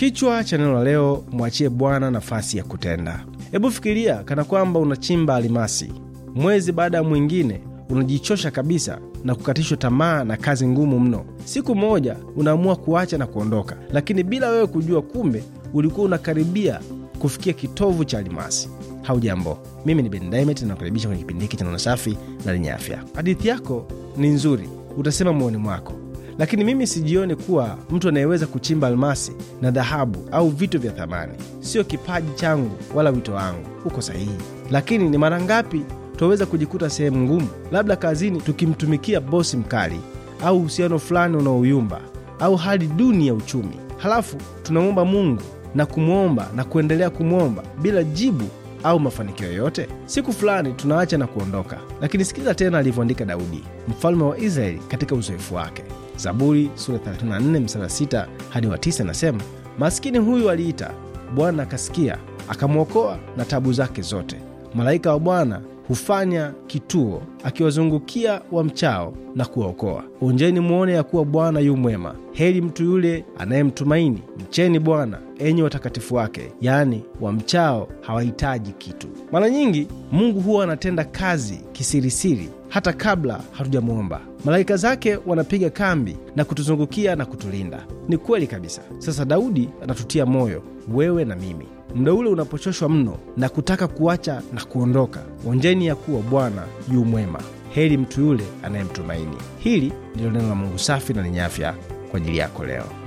Kichwa cha neno la leo, mwachie Bwana nafasi ya kutenda. Hebu fikiria kana kwamba unachimba alimasi, mwezi baada ya mwingine unajichosha kabisa na kukatishwa tamaa na kazi ngumu mno. Siku moja unaamua kuacha na kuondoka, lakini bila wewe kujua, kumbe ulikuwa unakaribia kufikia kitovu cha alimasi. Haujambo, mimi ni Ben Diamond, nakukaribisha kwenye kipindi hiki cha neno safi na lenye afya. Hadithi yako ni nzuri, utasema moyoni mwako lakini mimi sijioni kuwa mtu anayeweza kuchimba almasi na dhahabu au vitu vya thamani. Sio kipaji changu wala wito wangu. Uko sahihi, lakini ni mara ngapi twaweza kujikuta sehemu ngumu, labda kazini, tukimtumikia bosi mkali au uhusiano fulani unaoyumba au hali duni ya uchumi, halafu tunamwomba Mungu na kumwomba na kuendelea kumwomba bila jibu au mafanikio yoyote. Siku fulani tunaacha na kuondoka. Lakini sikiza tena alivyoandika Daudi mfalme wa Israeli katika uzoefu wake. Zaburi sura 34 mstari 6 hadi wa 9 nasema, maskini huyu aliita Bwana akasikia, akamwokoa na tabu zake zote. Malaika wa Bwana hufanya kituo akiwazungukia wamchao na kuwaokoa. Onjeni mwone ya kuwa Bwana yu mwema, heri mtu yule anayemtumaini. Mcheni Bwana enyi watakatifu wake, yaani wamchao hawahitaji kitu. Mara nyingi Mungu huwa anatenda kazi kisirisiri hata kabla hatujamwomba. Malaika zake wanapiga kambi na kutuzungukia na kutulinda. Ni kweli kabisa. Sasa Daudi anatutia moyo, wewe na mimi, muda ule unapochoshwa mno na kutaka kuacha na kuondoka, onjeni ya kuwa Bwana yu mwema, heri mtu yule anayemtumaini. Hili ndilo neno la Mungu safi na lenye afya kwa ajili yako leo.